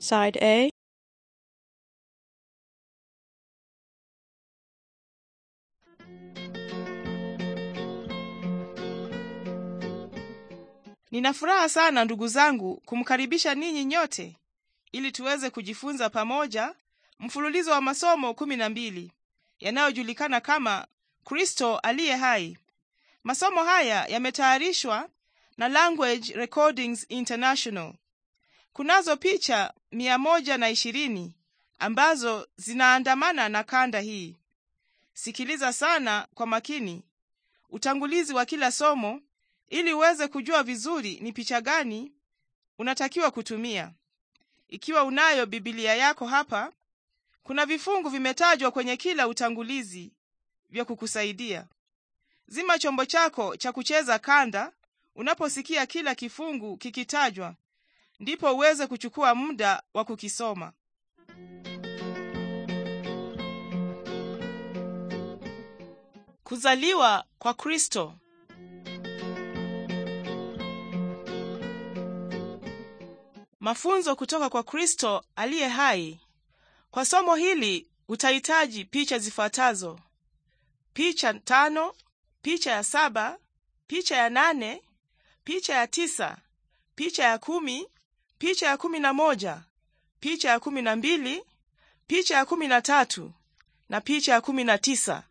side Nina furaha sana ndugu zangu kumkaribisha ninyi nyote ili tuweze kujifunza pamoja mfululizo wa masomo kumi na mbili yanayojulikana kama Kristo aliye hai. Masomo haya yametayarishwa na Language Recordings International Kunazo picha mia moja na ishirini ambazo zinaandamana na kanda hii. Sikiliza sana kwa makini utangulizi wa kila somo ili uweze kujua vizuri ni picha gani unatakiwa kutumia. Ikiwa unayo Biblia yako hapa, kuna vifungu vimetajwa kwenye kila utangulizi vya kukusaidia. Zima chombo chako cha kucheza kanda unaposikia kila kifungu kikitajwa ndipo uweze kuchukua muda wa kukisoma. Kuzaliwa kwa Kristo. Mafunzo kutoka kwa Kristo aliye hai. Kwa somo hili utahitaji picha zifuatazo: picha tano, picha ya saba, picha ya nane, picha ya tisa, picha ya kumi picha ya kumi na moja picha ya kumi na mbili picha ya kumi na tatu na picha ya kumi na tisa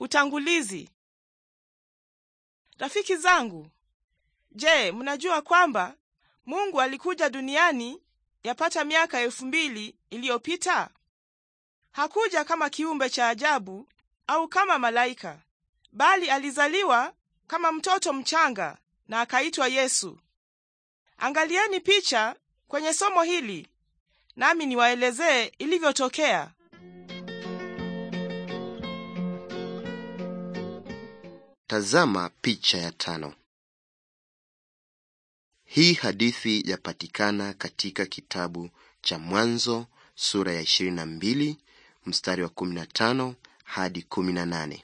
Utangulizi. Rafiki zangu, je, mnajua kwamba Mungu alikuja duniani yapata miaka elfu mbili iliyopita? Hakuja kama kiumbe cha ajabu au kama malaika, bali alizaliwa kama mtoto mchanga na akaitwa Yesu. Angalieni picha kwenye somo hili, nami niwaelezee ilivyotokea. Tazama picha ya tano. Hii hadithi yapatikana katika kitabu cha Mwanzo sura ya 22 mstari wa 15 hadi 18.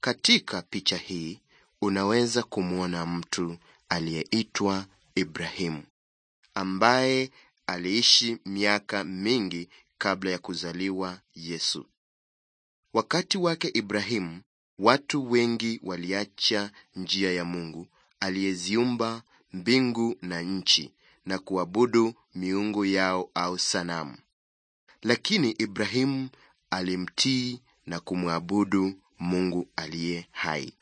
Katika picha hii unaweza kumwona mtu aliyeitwa Ibrahimu ambaye aliishi miaka mingi kabla ya kuzaliwa Yesu. Wakati wake Ibrahimu Watu wengi waliacha njia ya Mungu aliyeziumba mbingu na nchi na kuabudu miungu yao au sanamu. Lakini Ibrahimu alimtii na kumwabudu Mungu aliye hai.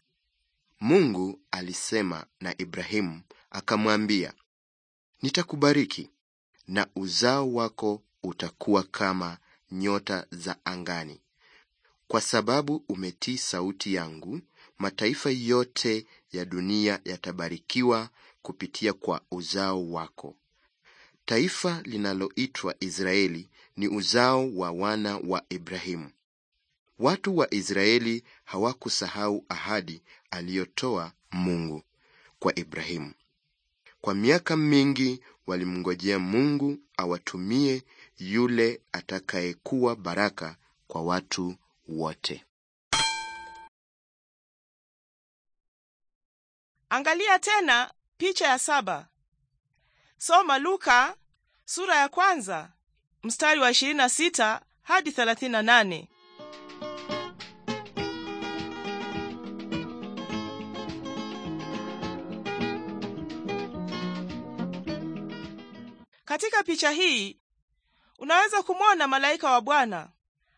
Mungu alisema na Ibrahimu akamwambia, nitakubariki na uzao wako utakuwa kama nyota za angani kwa sababu umetii sauti yangu, mataifa yote ya dunia yatabarikiwa kupitia kwa uzao wako. Taifa linaloitwa Israeli ni uzao wa wana wa Ibrahimu. Watu wa Israeli hawakusahau ahadi aliyotoa Mungu kwa Ibrahimu. Kwa miaka mingi walimngojea Mungu awatumie yule atakayekuwa baraka kwa watu wote. Angalia tena picha ya saba. Soma Luka sura ya kwanza mstari wa 26 hadi 38. Katika picha hii unaweza kumwona malaika wa Bwana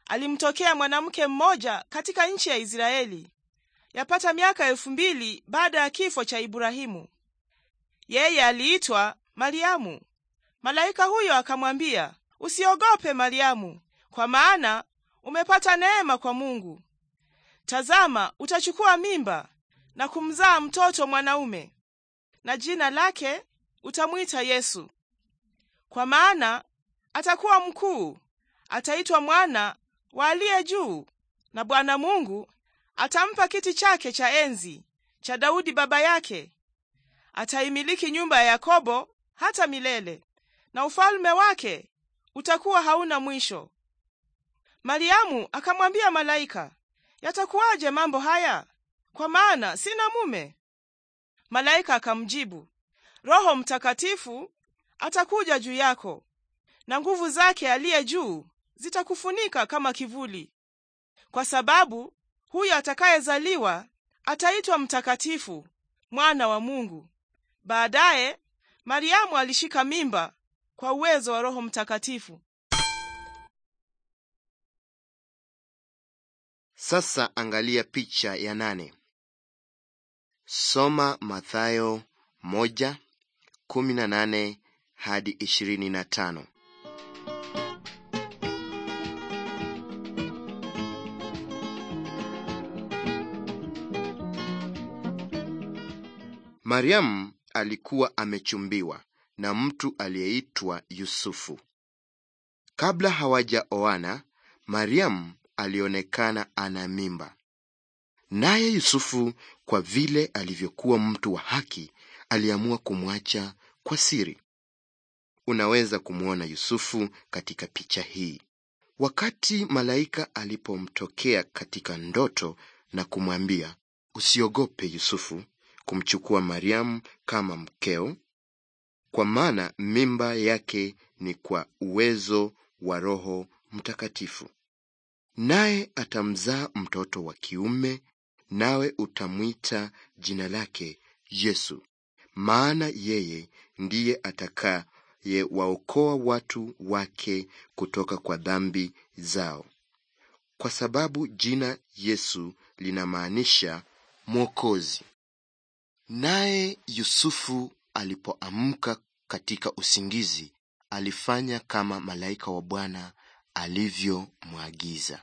alimtokea mwanamke mmoja katika nchi ya Israeli yapata miaka elfu mbili baada ya kifo cha Ibrahimu. Yeye aliitwa Mariamu. Malaika huyo akamwambia, usiogope Mariamu, kwa maana umepata neema kwa Mungu. Tazama, utachukua mimba na kumzaa mtoto mwanaume, na jina lake utamwita Yesu, kwa maana atakuwa mkuu, ataitwa mwana wa Aliye Juu, na Bwana Mungu atampa kiti chake cha enzi cha Daudi baba yake. Ataimiliki nyumba ya Yakobo hata milele, na ufalme wake utakuwa hauna mwisho. Mariamu akamwambia malaika, yatakuwaje mambo haya, kwa maana sina mume? Malaika akamjibu, Roho Mtakatifu atakuja juu yako, na nguvu zake aliye juu zitakufunika kama kivuli, kwa sababu huyo atakayezaliwa ataitwa mtakatifu, mwana wa Mungu. Baadaye Mariamu alishika mimba kwa uwezo wa Roho Mtakatifu. Sasa angalia picha ya nane. Soma Mathayo moja kumi na nane hadi ishirini na tano. Mariamu alikuwa amechumbiwa na mtu aliyeitwa Yusufu. Kabla hawajaoana, Mariamu alionekana ana mimba. Naye Yusufu, kwa vile alivyokuwa mtu wa haki, aliamua kumwacha kwa siri. Unaweza kumwona Yusufu katika picha hii. Wakati malaika alipomtokea katika ndoto na kumwambia, usiogope Yusufu, kumchukua Mariamu kama mkeo, kwa maana mimba yake ni kwa uwezo wa Roho Mtakatifu. Naye atamzaa mtoto wa kiume, nawe utamwita jina lake Yesu, maana yeye ndiye atakayewaokoa watu wake kutoka kwa dhambi zao. Kwa sababu jina Yesu linamaanisha mwokozi. Naye Yusufu alipoamka katika usingizi, alifanya kama malaika wa Bwana alivyomwagiza.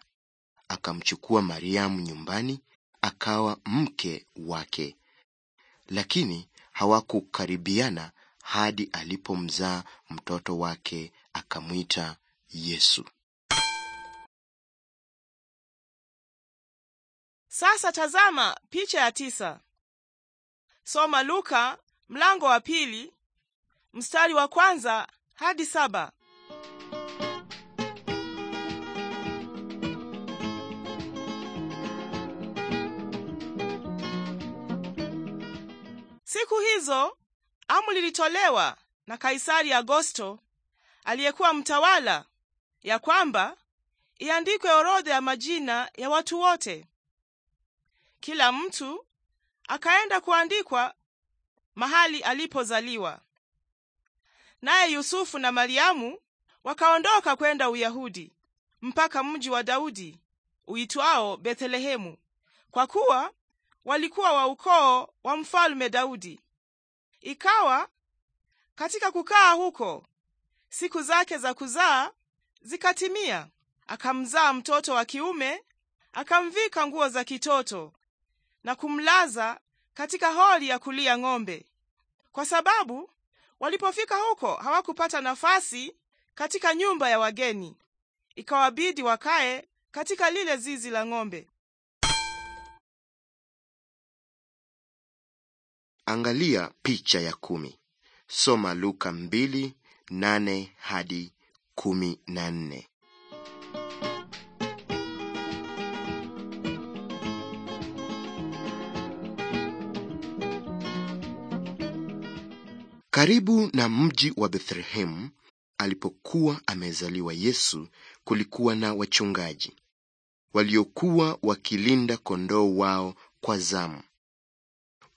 Akamchukua Mariamu nyumbani, akawa mke wake. Lakini hawakukaribiana hadi alipomzaa mtoto wake, akamwita Yesu. Sasa tazama picha ya tisa. Soma Luka mlango wa pili mstari wa kwanza hadi saba. Siku hizo amri lilitolewa na Kaisari Agosto aliyekuwa mtawala, ya kwamba iandikwe orodha ya majina ya watu wote, kila mtu akaenda kuandikwa mahali alipozaliwa. Naye Yusufu na Mariamu wakaondoka kwenda Uyahudi mpaka mji wa Daudi uitwao Bethlehemu, kwa kuwa walikuwa wa ukoo wa mfalme Daudi. Ikawa katika kukaa huko, siku zake za kuzaa zikatimia, akamzaa mtoto wa kiume, akamvika nguo za kitoto, na kumlaza katika holi ya kulia ng'ombe, kwa sababu walipofika huko hawakupata nafasi katika nyumba ya wageni, ikawabidi wakae katika lile zizi la ng'ombe. Angalia picha ya kumi. Soma Luka mbili nane hadi kumi na nne. Karibu na mji wa Bethlehemu alipokuwa amezaliwa Yesu, kulikuwa na wachungaji waliokuwa wakilinda kondoo wao kwa zamu.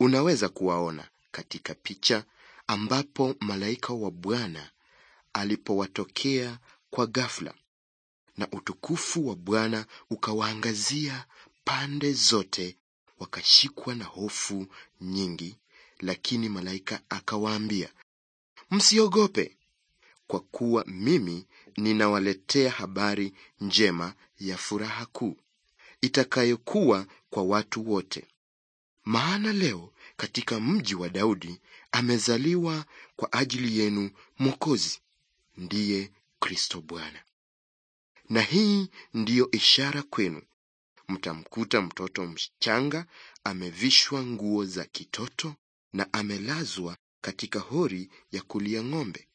Unaweza kuwaona katika picha ambapo malaika wa Bwana alipowatokea kwa ghafla na utukufu wa Bwana ukawaangazia pande zote, wakashikwa na hofu nyingi lakini malaika akawaambia, msiogope, kwa kuwa mimi ninawaletea habari njema ya furaha kuu itakayokuwa kwa watu wote. Maana leo katika mji wa Daudi amezaliwa kwa ajili yenu Mwokozi, ndiye Kristo Bwana. Na hii ndiyo ishara kwenu, mtamkuta mtoto mchanga amevishwa nguo za kitoto, na amelazwa katika hori ya kulia ng'ombe.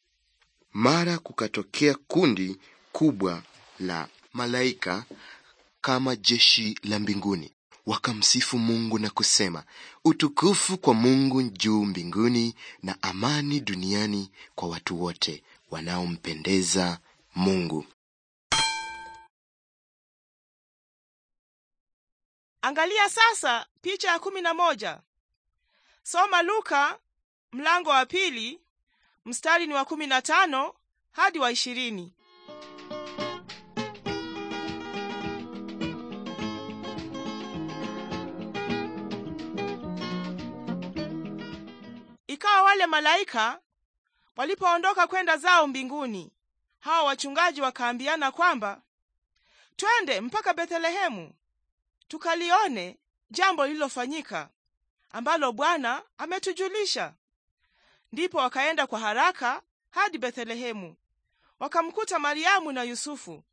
Mara kukatokea kundi kubwa la malaika kama jeshi la mbinguni, wakamsifu Mungu na kusema, utukufu kwa Mungu juu mbinguni na amani duniani kwa watu wote wanaompendeza Mungu. Angalia sasa picha ya kumi na moja. Soma Luka mlango wa pili mstari ni wa kumi na tano hadi wa ishirini. Ikawa wale malaika walipoondoka kwenda zao mbinguni, hawa wachungaji wakaambiana kwamba twende mpaka Bethlehemu tukalione jambo lililofanyika ambalo Bwana ametujulisha. Ndipo wakaenda kwa haraka hadi Bethlehemu, wakamkuta Mariamu na Yusufu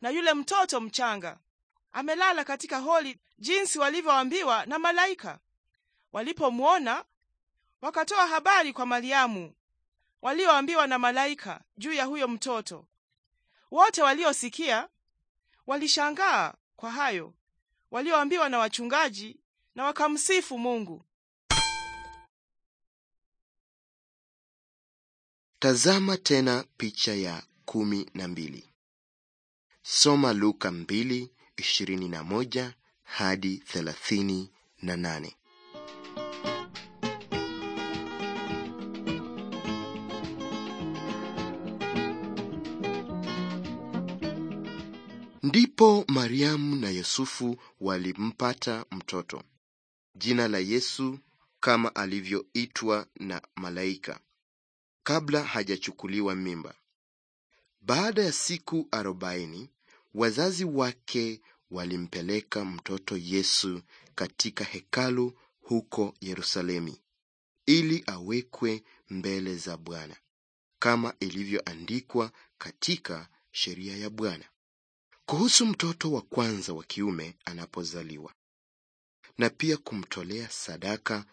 na yule mtoto mchanga amelala katika holi, jinsi walivyoambiwa na malaika. Walipomwona wakatoa habari kwa Mariamu walioambiwa na malaika juu ya huyo mtoto. Wote waliosikia walishangaa kwa hayo walioambiwa na wachungaji, na wakamsifu Mungu. Tazama tena picha ya kumi na mbili. Soma Luka mbili ishirini na moja hadi thelathini na nane. Ndipo Mariamu na Yusufu walimpata mtoto. Jina la Yesu kama alivyoitwa na malaika kabla hajachukuliwa mimba. Baada ya siku arobaini, wazazi wake walimpeleka mtoto Yesu katika hekalu huko Yerusalemu ili awekwe mbele za Bwana kama ilivyoandikwa katika sheria ya Bwana kuhusu mtoto wa kwanza wa kiume anapozaliwa, na pia kumtolea sadaka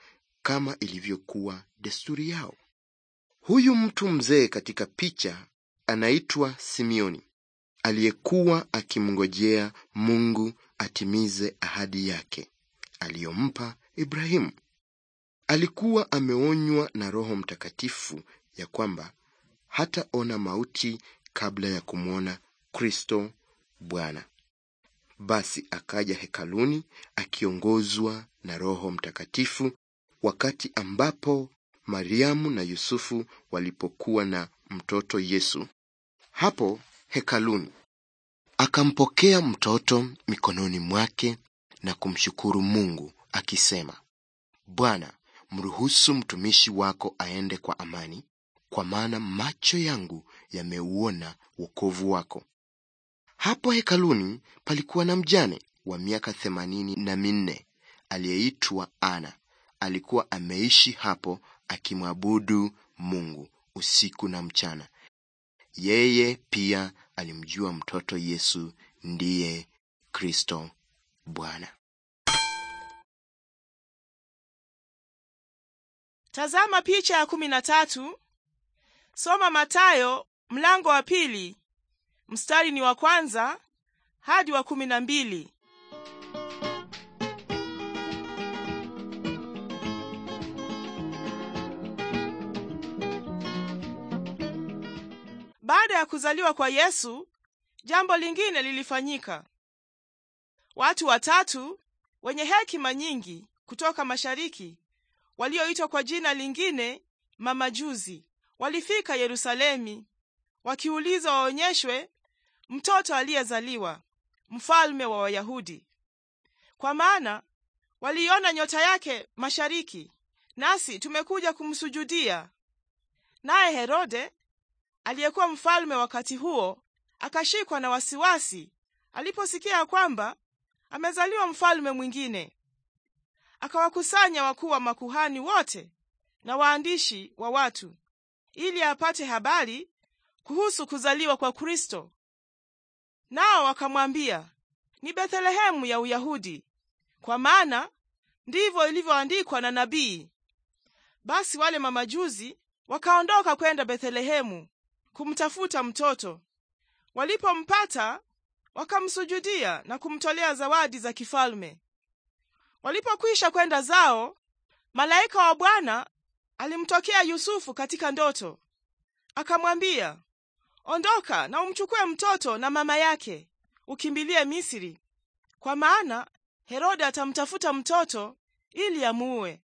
kama ilivyokuwa desturi yao. Huyu mtu mzee katika picha anaitwa Simeoni, aliyekuwa akimngojea Mungu atimize ahadi yake aliyompa Ibrahimu. Alikuwa ameonywa na Roho Mtakatifu ya kwamba hataona mauti kabla ya kumwona Kristo Bwana. Basi akaja hekaluni akiongozwa na Roho Mtakatifu wakati ambapo Mariamu na Yusufu walipokuwa na mtoto Yesu hapo hekaluni. Akampokea mtoto mikononi mwake na kumshukuru Mungu akisema, Bwana, mruhusu mtumishi wako aende kwa amani, kwa maana macho yangu yameuona wokovu wako. Hapo hekaluni palikuwa na mjane wa miaka themanini na minne aliyeitwa Ana. Alikuwa ameishi hapo akimwabudu Mungu usiku na mchana. Yeye pia alimjua mtoto Yesu ndiye Kristo Bwana. Tazama picha ya kumi na tatu. Soma Matayo mlango wa pili mstari ni wa kwanza hadi wa kumi na mbili. Baada ya kuzaliwa kwa Yesu, jambo lingine lilifanyika. Watu watatu wenye hekima nyingi kutoka mashariki walioitwa kwa jina lingine mamajuzi walifika Yerusalemi wakiuliza waonyeshwe mtoto aliyezaliwa, mfalme wa Wayahudi, kwa maana waliiona nyota yake mashariki, nasi tumekuja kumsujudia. Naye Herode aliyekuwa mfalme wakati huo akashikwa na wasiwasi aliposikia kwamba amezaliwa mfalme mwingine. Akawakusanya wakuu wa makuhani wote na waandishi wa watu ili apate habari kuhusu kuzaliwa kwa Kristo. Nao wakamwambia ni Bethlehemu ya Uyahudi, kwa maana ndivyo ilivyoandikwa na nabii. Basi wale mamajuzi wakaondoka kwenda Bethlehemu kumtafuta mtoto. Walipompata wakamsujudia na kumtolea zawadi za kifalme. Walipokwisha kwenda zao, malaika wa Bwana alimtokea Yusufu katika ndoto, akamwambia, ondoka na umchukue mtoto na mama yake ukimbilie Misri, kwa maana Herode atamtafuta mtoto ili amuue.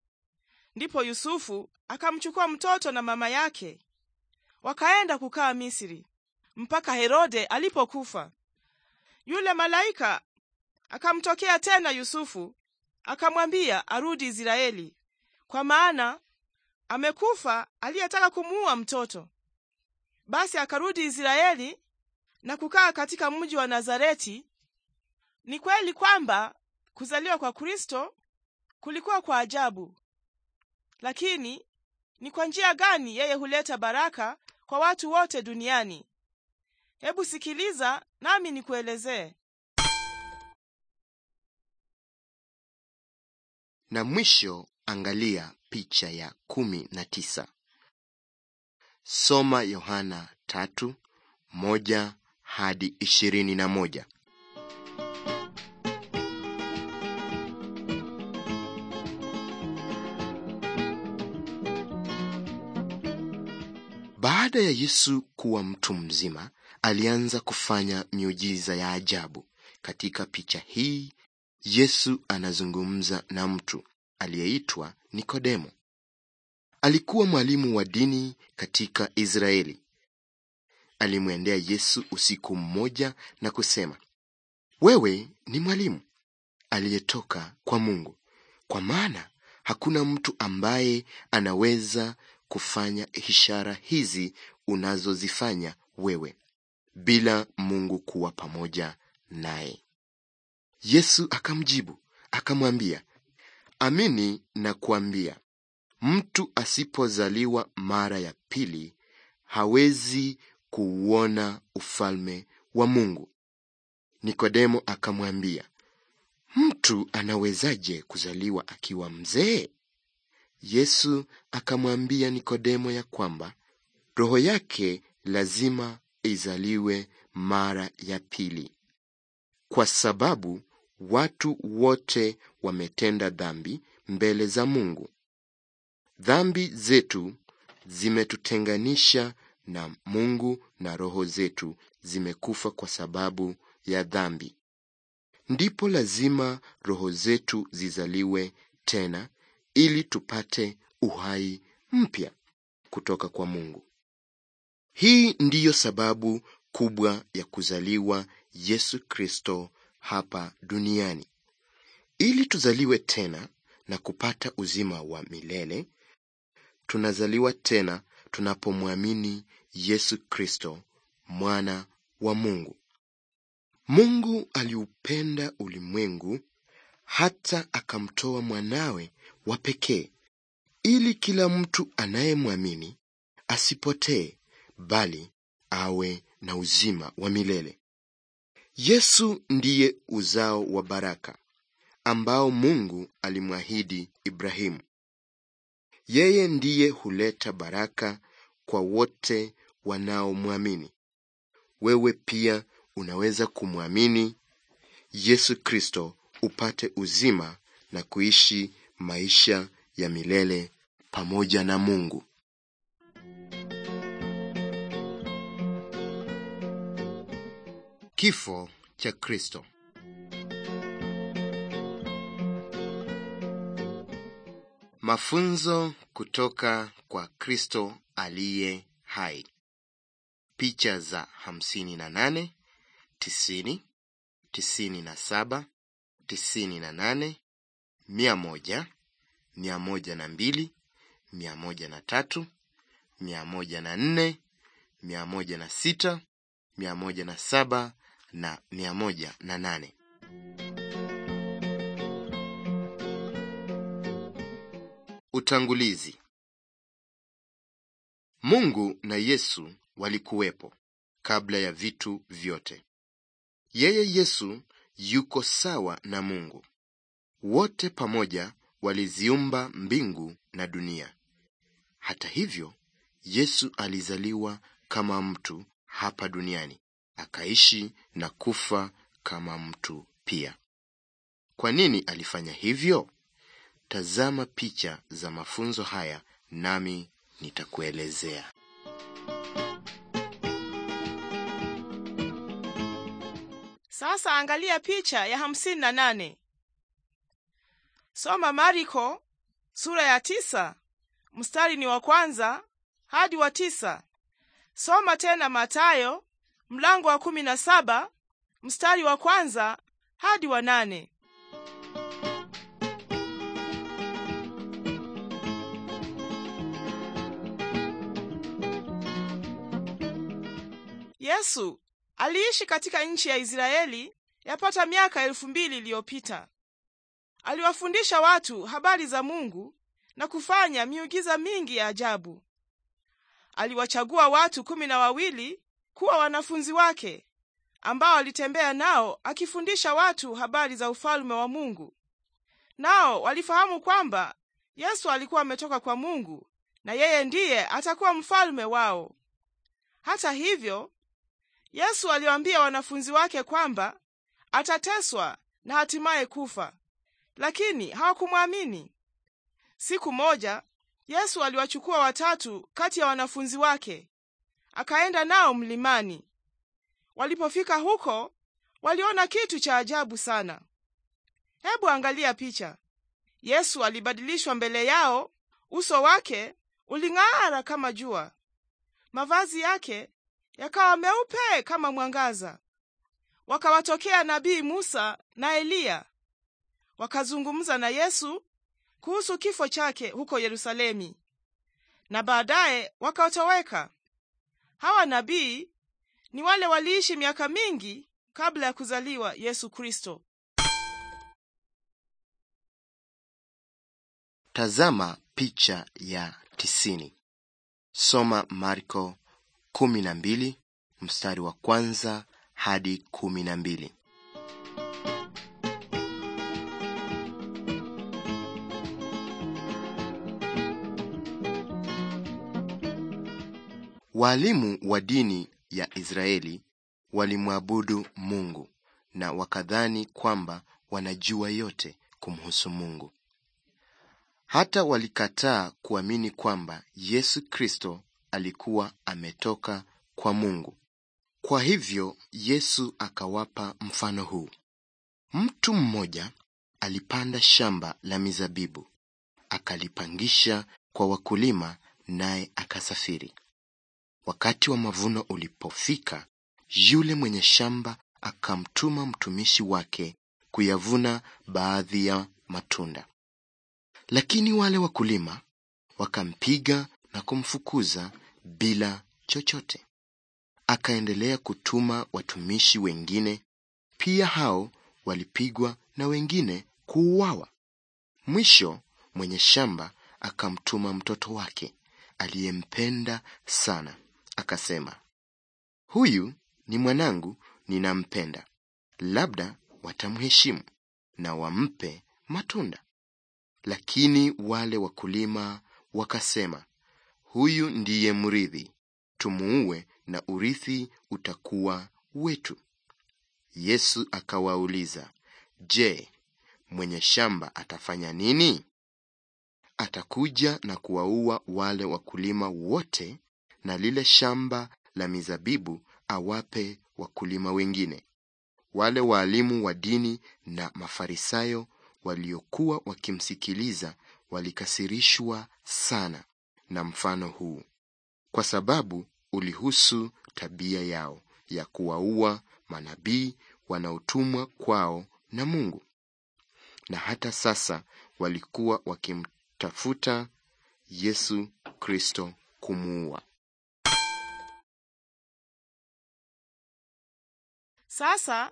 Ndipo Yusufu akamchukua mtoto na mama yake Wakaenda kukaa Misri mpaka Herode alipokufa. Yule malaika akamtokea tena Yusufu, akamwambia arudi Israeli, kwa maana amekufa aliyetaka kumuua mtoto. Basi akarudi Israeli na kukaa katika mji wa Nazareti. Ni kweli kwamba kuzaliwa kwa Kristo kulikuwa kwa ajabu, lakini ni kwa njia gani yeye huleta baraka kwa watu wote duniani. Hebu sikiliza nami nikuelezee. Na mwisho angalia picha ya kumi na tisa. Soma Yohana tatu moja hadi ishirini na moja. Baada ya Yesu kuwa mtu mzima, alianza kufanya miujiza ya ajabu. Katika picha hii, Yesu anazungumza na mtu aliyeitwa Nikodemo. Alikuwa mwalimu wa dini katika Israeli. Alimwendea Yesu usiku mmoja na kusema, "Wewe ni mwalimu aliyetoka kwa Mungu, kwa maana hakuna mtu ambaye anaweza kufanya ishara hizi unazozifanya wewe bila Mungu kuwa pamoja naye. Yesu akamjibu akamwambia, amini na kuambia mtu asipozaliwa mara ya pili hawezi kuuona ufalme wa Mungu. Nikodemo akamwambia, mtu anawezaje kuzaliwa akiwa mzee? Yesu akamwambia Nikodemo ya kwamba roho yake lazima izaliwe mara ya pili, kwa sababu watu wote wametenda dhambi mbele za Mungu. Dhambi zetu zimetutenganisha na Mungu na roho zetu zimekufa kwa sababu ya dhambi. Ndipo lazima roho zetu zizaliwe tena ili tupate uhai mpya kutoka kwa Mungu. Hii ndiyo sababu kubwa ya kuzaliwa Yesu Kristo hapa duniani, ili tuzaliwe tena na kupata uzima wa milele. Tunazaliwa tena tunapomwamini Yesu Kristo, mwana wa Mungu. Mungu aliupenda ulimwengu hata akamtoa mwanawe wa pekee ili kila mtu anayemwamini asipotee bali awe na uzima wa milele. Yesu ndiye uzao wa baraka ambao Mungu alimwahidi Ibrahimu. Yeye ndiye huleta baraka kwa wote wanaomwamini. Wewe pia unaweza kumwamini Yesu Kristo upate uzima na kuishi maisha ya milele pamoja na Mungu. Kifo cha Kristo. Mafunzo kutoka kwa Kristo aliye hai. Picha za 58, 90, 97, 98 mia moja, mia moja na mbili, mia moja na tatu, mia moja na nne, mia moja na sita, mia moja na saba na mia moja na nane. Utangulizi. Mungu na Yesu walikuwepo kabla ya vitu vyote. Yeye Yesu yuko sawa na Mungu. Wote pamoja waliziumba mbingu na dunia. Hata hivyo, Yesu alizaliwa kama mtu hapa duniani, akaishi na kufa kama mtu pia. Kwa nini alifanya hivyo? Tazama picha za mafunzo haya nami nitakuelezea. Sasa angalia picha ya hamsini na nane. Soma mariko sura ya tisa mstari ni wa kwanza hadi wa tisa. Soma tena matayo mlango wa kumi na saba mstari wa kwanza hadi wa nane. Yesu aliishi katika nchi ya Israeli yapata miaka elfu mbili iliyopita. Aliwafundisha watu habari za Mungu na kufanya miujiza mingi ya ajabu. Aliwachagua watu kumi na wawili kuwa wanafunzi wake ambao alitembea nao akifundisha watu habari za ufalme wa Mungu. Nao walifahamu kwamba Yesu alikuwa ametoka kwa Mungu na yeye ndiye atakuwa mfalme wao. Hata hivyo, Yesu aliwaambia wanafunzi wake kwamba atateswa na hatimaye kufa lakini hawakumwamini. Siku moja Yesu aliwachukua watatu kati ya wanafunzi wake, akaenda nao mlimani. Walipofika huko, waliona kitu cha ajabu sana. Hebu angalia picha. Yesu alibadilishwa mbele yao, uso wake uling'ara kama jua, mavazi yake yakawa meupe kama mwangaza. Wakawatokea nabii Musa na Eliya wakazungumza na Yesu kuhusu kifo chake huko Yerusalemi na baadaye wakatoweka. Hawa nabii ni wale waliishi miaka mingi kabla ya kuzaliwa Yesu Kristo. Tazama picha ya tisini. Soma Marko kumi na mbili mstari wa kwanza hadi kumi na mbili. Waalimu wa dini ya Israeli walimwabudu Mungu na wakadhani kwamba wanajua yote kumhusu Mungu. Hata walikataa kuamini kwamba Yesu Kristo alikuwa ametoka kwa Mungu. Kwa hivyo Yesu akawapa mfano huu. Mtu mmoja alipanda shamba la mizabibu, akalipangisha kwa wakulima, naye akasafiri. Wakati wa mavuno ulipofika, yule mwenye shamba akamtuma mtumishi wake kuyavuna baadhi ya matunda. Lakini wale wakulima wakampiga na kumfukuza bila chochote. Akaendelea kutuma watumishi wengine, pia hao walipigwa na wengine kuuawa. Mwisho mwenye shamba akamtuma mtoto wake aliyempenda sana akasema, huyu ni mwanangu ninampenda, labda watamheshimu na wampe matunda. Lakini wale wakulima wakasema, huyu ndiye mrithi, tumuue na urithi utakuwa wetu. Yesu akawauliza, je, mwenye shamba atafanya nini? Atakuja na kuwaua wale wakulima wote na lile shamba la mizabibu awape wakulima wengine. Wale waalimu wa dini na Mafarisayo waliokuwa wakimsikiliza walikasirishwa sana na mfano huu, kwa sababu ulihusu tabia yao ya kuwaua manabii wanaotumwa kwao na Mungu. Na hata sasa walikuwa wakimtafuta Yesu Kristo kumuua. Sasa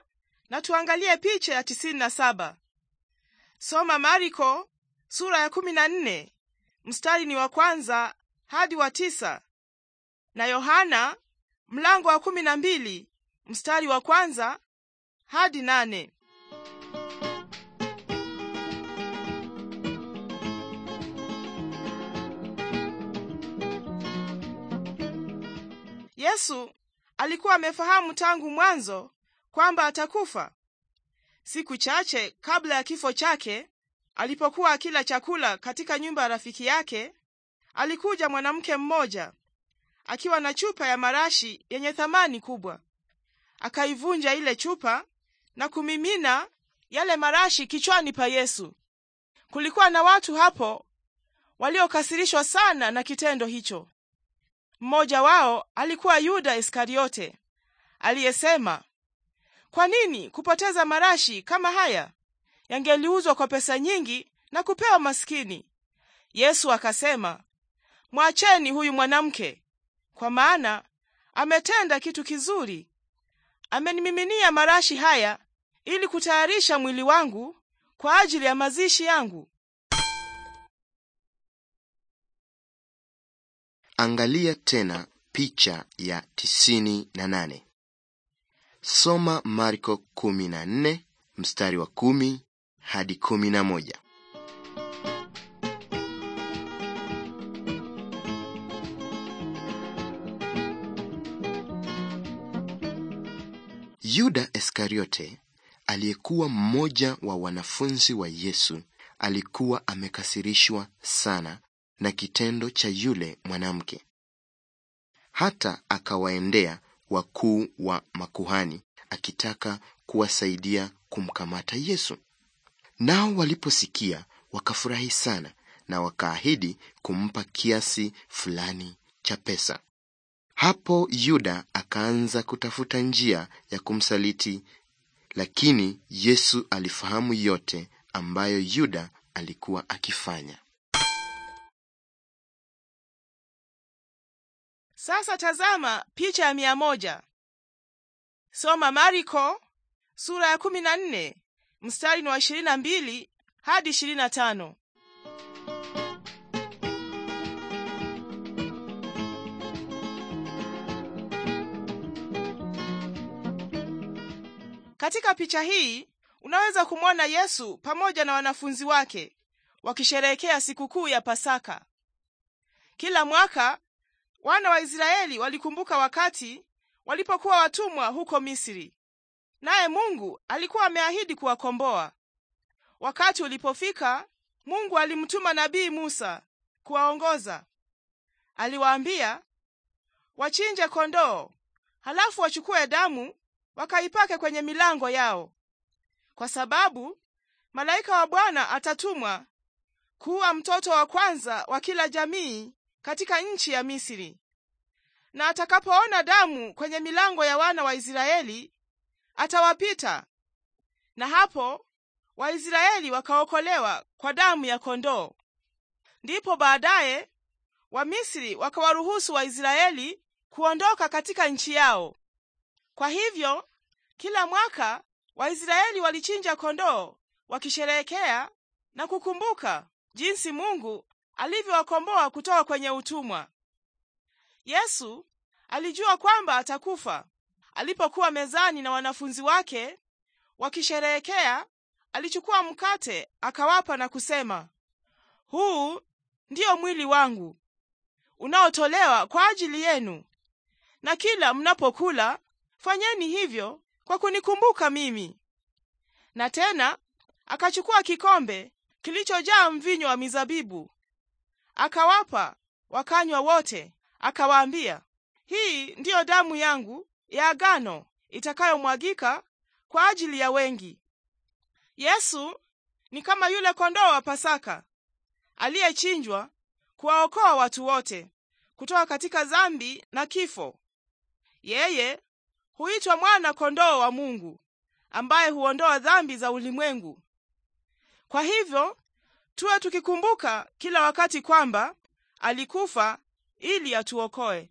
na tuangalie picha ya tisini na saba. Soma Mariko sura ya kumi na nne mstari ni wa kwanza hadi wa tisa na Yohana mlango wa kumi na mbili mstari wa kwanza hadi nane. Yesu alikuwa amefahamu tangu mwanzo kwamba atakufa. Siku chache kabla ya kifo chake, alipokuwa akila chakula katika nyumba ya rafiki yake, alikuja mwanamke mmoja akiwa na chupa ya marashi yenye thamani kubwa. Akaivunja ile chupa na kumimina yale marashi kichwani pa Yesu. Kulikuwa na watu hapo waliokasirishwa sana na kitendo hicho. Mmoja wao alikuwa Yuda Iskariote aliyesema, kwa nini kupoteza marashi kama haya? Yangeliuzwa kwa pesa nyingi na kupewa maskini. Yesu akasema, mwacheni huyu mwanamke, kwa maana ametenda kitu kizuri. Amenimiminia marashi haya ili kutayarisha mwili wangu kwa ajili ya mazishi yangu. Angalia tena picha ya tisini na nane. Soma Marko 14 mstari wa kumi hadi kumi Yuda Iskariote aliyekuwa mmoja wa wanafunzi wa Yesu alikuwa amekasirishwa sana na kitendo cha yule mwanamke. Hata akawaendea wakuu wa makuhani akitaka kuwasaidia kumkamata Yesu. Nao waliposikia wakafurahi sana na wakaahidi kumpa kiasi fulani cha pesa. Hapo Yuda akaanza kutafuta njia ya kumsaliti, lakini Yesu alifahamu yote ambayo Yuda alikuwa akifanya. Sasa tazama picha ya mia moja. Soma Mariko sura ya kumi na nne mstari ni wa ishirini na mbili hadi ishirini na tano. Katika picha hii unaweza kumwona Yesu pamoja na wanafunzi wake wakisherehekea sikukuu ya Pasaka. Kila mwaka Wana wa Israeli walikumbuka wakati walipokuwa watumwa huko Misri, naye Mungu alikuwa ameahidi kuwakomboa. Wakati ulipofika, Mungu alimtuma nabii Musa kuwaongoza. Aliwaambia wachinje kondoo, halafu wachukue damu wakaipake kwenye milango yao, kwa sababu malaika wa Bwana atatumwa kuua mtoto wa kwanza wa kila jamii katika nchi ya misiri Na atakapoona damu kwenye milango ya wana wa Israeli atawapita, na hapo Waisraeli wakaokolewa kwa damu ya kondoo. Ndipo baadaye Wamisri wakawaruhusu Waisraeli kuondoka katika nchi yao. Kwa hivyo kila mwaka Waisraeli walichinja kondoo wakisherehekea na kukumbuka jinsi Mungu alivyowakomboa kutoka kwenye utumwa. Yesu alijua kwamba atakufa. Alipokuwa mezani na wanafunzi wake wakisherehekea, alichukua mkate akawapa na kusema, huu ndiyo mwili wangu unaotolewa kwa ajili yenu, na kila mnapokula fanyeni hivyo kwa kunikumbuka mimi. Na tena akachukua kikombe kilichojaa mvinyo wa mizabibu Akawapa wakanywa wote, akawaambia, hii ndiyo damu yangu ya agano itakayomwagika kwa ajili ya wengi. Yesu ni kama yule kondoo wa Pasaka aliyechinjwa kuwaokoa watu wote kutoka katika dhambi na kifo. Yeye huitwa mwana kondoo wa Mungu ambaye huondoa dhambi za ulimwengu. Kwa hivyo tuwe tukikumbuka kila wakati kwamba alikufa ili atuokoe.